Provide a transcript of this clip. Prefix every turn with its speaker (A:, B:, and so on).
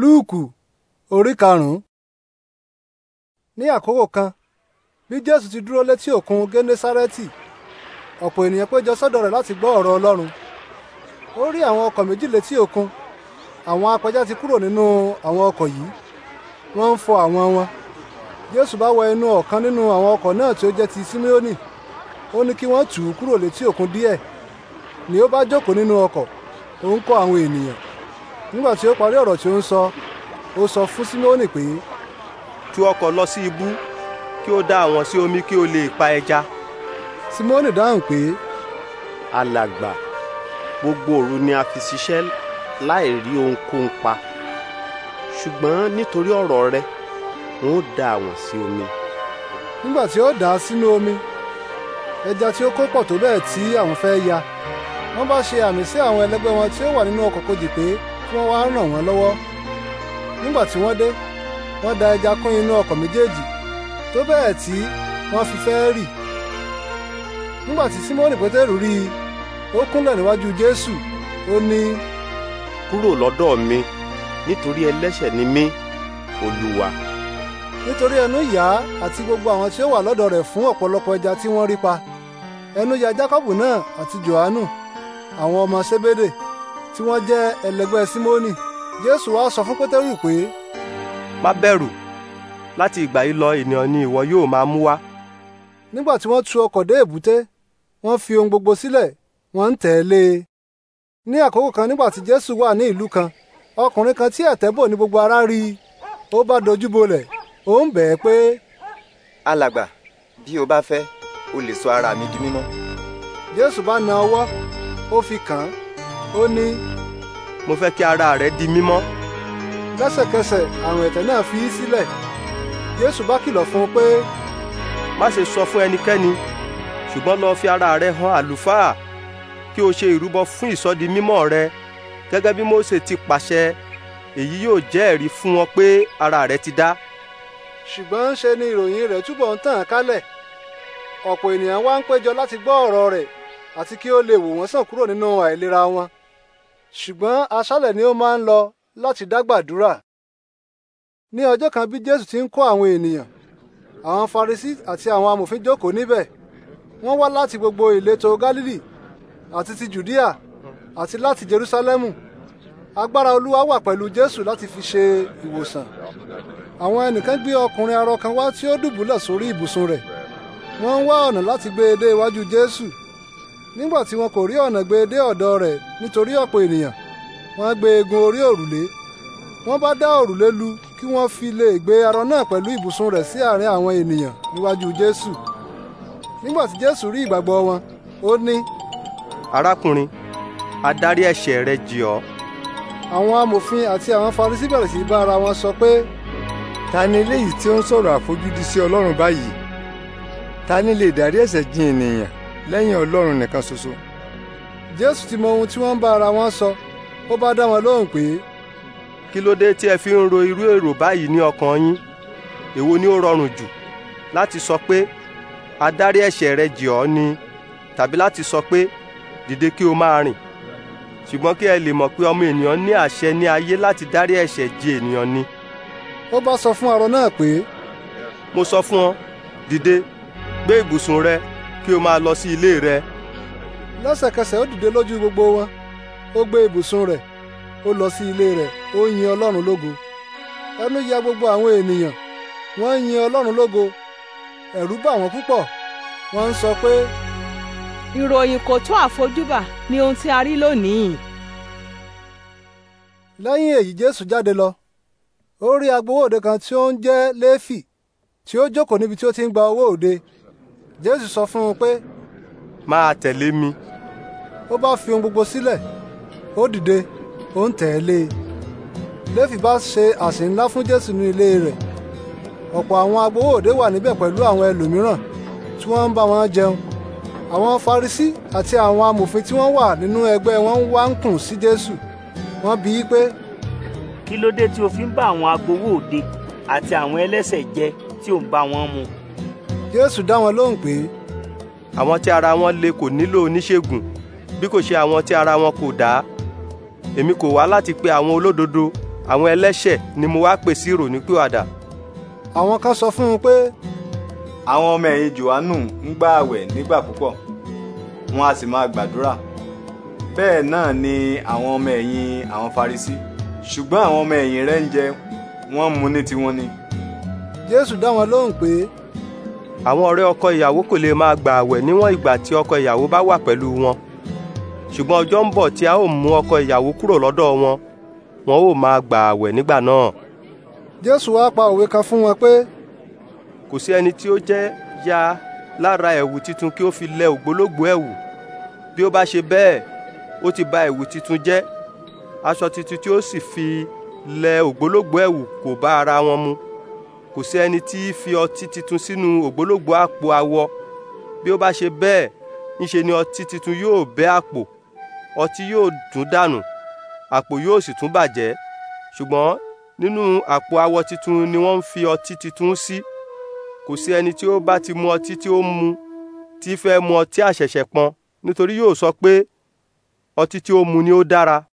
A: lúùkù orí karùnún. ní àkókò kan bí jésù ti dúró létí òkun génésárẹ́tì ọ̀pọ̀ ènìyàn péjọ sọ́dọ̀ rẹ̀ láti gbọ́ ọ̀rọ̀ ọlọ́run ó rí àwọn ọkọ̀ méjì létí òkun àwọn apẹja ti kúrò nínú àwọn ọkọ̀ yìí wọ́n ń fọ àwọn wọn jésù bá wọ inú ọ̀kan nínú àwọn ọkọ̀ náà tí ó jẹ́ ti síméónì ó ní kí wọ́n tù ú kúrò létí òkun díẹ̀ ni ó bá jókòó nínú ọkọ̀ ó ń kọ́ àwọn ènìyàn nígbà tí ó parí ọ̀rọ̀
B: tí ó ń sọ ó sọ fún simeoni pé. tú ọkọ̀ lọ sí ibú kí o dá àwọn sí omi kí ó lè pa ẹja. simeoni dáhùn pé. alàgbà gbogbo òru ni a fi ṣiṣẹ́ láì rí ohunkóhun pa ṣùgbọ́n nítorí ọ̀rọ̀ rẹ n ó dá àwọn sí omi.
A: nígbà tí ó dà á sínú omi ẹja tí ó kó pọ̀ tó bẹ́ẹ̀ tí àwọn fẹ́ ya wọ́n bá ṣe àmì sí àwọn ẹlẹgbẹ́ wọn tí ó wà nínú ọkọ̀ kejì pé tí wọ́n wá ràn wọ́n lọ́wọ́ nígbà tí wọ́n dé wọ́n da ẹja kún inú ọkọ̀ méjèèjì tó bẹ́ẹ̀ tí wọ́n fi fẹ́ẹ́rì nígbà tí simoni pétérù rí i ó kúnlẹ̀ níwájú jésù ó ní.
B: kúrò lọ́dọ̀ mi
A: nítorí ẹlẹ́ṣẹ̀ ni mí olúwa. nítorí ẹnu yà á àti gbogbo àwọn tí ó wà lọ́dọ̀ rẹ̀ fún ọ̀pọ̀lọpọ̀ ẹja tí wọ́n rí pa ẹnu ya jákọ́bù náà àti jòhánù àwọn ọmọ sébédè tí wọ́n jẹ́ ẹlẹgbẹ́ Símónì Jésù wá sọ fún Pétérù pé. má bẹ̀rù
B: láti ìgbà yìí lọ ènìyàn ni ìwọ
A: yóò máa mú wá. nígbà tí wọ́n tu ọkọ̀ dé èbúté wọ́n fi ohun gbogbo sílẹ̀ wọ́n ń tẹ̀lé e. ní àkókò kan nígbà tí Jésù wà ní ìlú kan ọkùnrin kan tí ẹ̀tẹ̀ bò ní gbogbo ara rí i ó bá dojú bolẹ̀ ó ń bẹ̀ẹ́ pé.
B: alàgbà bí o bá fẹ́ o lè sọ ara mi di mímọ́. Jésù bá na ọwọ́ ó fi kàn án ó ní. mo fẹ́ kí ara rẹ di mímọ́. lẹ́sẹ̀kẹsẹ̀ àrùn ẹ̀tẹ̀ náà fi í sílẹ̀ jésù bá kìlọ̀ fún un pé. má ṣe sọ fún ẹnikẹ́ni ṣùgbọ́n lọ fi ara rẹ hàn àlùfáà kí o ṣe ìrúbọ fún ìsọdi mímọ́ rẹ gẹ́gẹ́ bí mósè ti pàṣẹ èyí yóò jẹ́ ẹ̀rí fún wọn pé ara rẹ ti dá. ṣùgbọ́n ṣe ni ìròyìn rẹ̀
A: túbọ̀ ń tàn kálẹ̀ ọ̀pọ̀ ènìyàn wá ń péjọ láti gbọ́ ọ̀rọ̀ rẹ̀ àti kí ó lè wò wọ́n sàn kúrò nínú àìlera wọn ṣùgbọ́n aṣálẹ̀ ni ó máa ń lọ láti dágbàdúrà. ní ọjọ́ kan bí jésù ti ń kọ́ àwọn ènìyàn àwọn farisi àti àwọn amòfin jókòó níbẹ̀ wọ́n wá láti gbogbo ìletò galili àti ti judea àti láti jerusalemu agbára olúwa wà pẹ̀lú jésù láti fi ṣe ìwòsàn àwọn ẹnìkan gbé ọkùnrin arọ kan wá tí ó dùbúlẹ̀ sórí ibùsùn rẹ̀ wọ́n ń wá ọ̀nà láti gbé e dé iwájú jésù nígbà tí wọn kò rí ọ̀nà gbé dé ọ̀dọ̀ rẹ̀ nítorí ọ̀pọ̀ ènìyàn wọ́n gbé egun orí òrùlé wọ́n bá dá òrùlé lu kí wọ́n fi lè gbé arọ náà pẹ̀lú ibùsùn rẹ̀ sí àárín àwọn ènìyàn níwájú jésù nígbà tí jésù rí ìgbàgbọ́ wọn ó ní.
B: arákùnrin a dárí ẹ̀ṣẹ̀ rẹ jì ọ́.
A: àwọn amòfin àti àwọn farisí bẹ̀rẹ̀ sí bá ara wọn sọ pé. ta ni eléyìí tí ó ń sọ̀rọ̀ àfojúdi sí ọlọ́run báyìí ta ni lè dárí ẹ̀ṣẹ̀ jì ènìyàn lẹ́yìn ọlọ́run nìkan ṣoṣo.
B: jésù ti mọ ohun tí wọ́n ń bá ara wọn sọ ó bá dá wọn lóhùn pé. kí ló dé tí ẹ fi ń ro irú èrò báyìí ní ọkàn yín èwo ni ó rọrùn jù láti sọ pé adárí ẹ̀ṣẹ̀ rẹ jì ọ́ ni tàbí láti sọ pé dìde kí o máa rìn ṣùgbọ́n kí ẹ lè mọ̀ pé ọmọ ènìyàn ní àṣẹ ní ayé láti dárí ẹ̀ṣẹ̀ jì ènìyàn ni. ó bá sọ fún arọ náà pé. mo sọ fún ọ dìde gbé ibùsùn rẹ kí o máa lọ sí ilé rẹ.
A: lẹ́sẹ̀kẹsẹ̀ ó dìde lójú gbogbo wọn ó gbé ibùsùn rẹ̀ ó lọ sí ilé rẹ̀ ó yin ọlọ́run lógo ẹnu ya gbogbo àwọn ènìyàn wọ́n yin ọlọ́run lógo ẹ̀rù bà wọ́n púpọ̀ wọ́n ń sọ pé. ìròyìn kò tó àfojúbà ni ohun tí a rí lónìí. lẹ́yìn èyí jésù jáde lọ ó rí agbowó kan tí ó ń jẹ́ léfì tí ó jókòó níbi tí ó ti ń gba owó òde jésù sọ fún un pé.
B: máa tẹ̀lé mi.
A: ó bá fi ohun gbogbo sílẹ̀ ó dìde ó ń tẹ̀lé e. léfì bá ṣe àsè ńlá fún jésù ní ilé rẹ̀ ọ̀pọ̀ àwọn agbowó òde wà níbẹ̀ pẹ̀lú àwọn ẹlòmíràn tí wọ́n ń bá wọn jẹun àwọn farisí àti àwọn amòfin tí wọ́n wà nínú ẹgbẹ́ wọn wá ń kùn sí jésù wọ́n bi í pé.
B: kí ló dé tí o fi ń bá àwọn agbowó òde àti àwọn ẹlẹ́ṣẹ̀ jẹ tí ò ń bá wọn mu jésù dá wọn lóhùn pé. àwọn tí ara wọn le kò nílò oníṣègùn bí kò ṣe àwọn tí ara wọn kò dá èmi kò wá láti pe àwọn olódodo àwọn ẹlẹ́ṣẹ̀ ni mo wá pè sí ìrònúpìwàdà.
A: àwọn kan sọ fún un pé.
B: àwọn ọmọ ẹ̀yìn johannu ń gba ààwẹ̀ nígbà púpọ̀ wọn a sì máa gbàdúrà bẹ́ẹ̀ náà ni àwọn ọmọ ẹ̀yìn àwọn farisí ṣùgbọ́n àwọn ọmọ ẹ̀yìn rẹ̀ ń jẹ wọ́n mu ní tiwọn ni. jésù dá wọn lóhùn pé àwọn ọ̀rẹ́ ọkọ ìyàwó kò lè máa gbà àwẹ̀ níwọ̀n ìgbà tí ọkọ ìyàwó bá wà pẹ̀lú wọn ṣùgbọ́n ọjọ́ ń bọ̀ tí a ó mú ọkọ ìyàwó kúrò lọ́dọ̀ wọn wọn ó máa gbà àwẹ̀ nígbà náà. jésù wá pa òwe kan fún wọn pé. kò sí ẹni tí ó jẹ́ ya lára ẹ̀wù titun kí ó fi lẹ̀ ògbólógbòó ẹ̀wù bí ó bá ṣe bẹ́ẹ̀ ó ti bà ẹ̀wù titun jẹ́ aṣọ titun tí ó sì fi lẹ̀ ògbólógbòó ẹ̀wù kò bá ara wọn mu kò sí ẹni tí í fi ọtí titun sínú ògbólógbòó àpò awọ bí ó bá ṣe bẹ́ẹ̀ ńṣe ni ọtí titun yóò bẹ́ àpò ọtí yóò dún dànù àpò yóò sì tún bàjẹ́ ṣùgbọ́n nínú àpò awọ titun ni wọ́n ń fi ọtí titun sí kò sí ẹni tí ó bá ti mu ọtí tí ó mu tí fẹ́ mu ọtí àṣẹ̀ṣẹ̀ pọn nítorí yóò sọ pé ọtí tí ó mu ni ó dára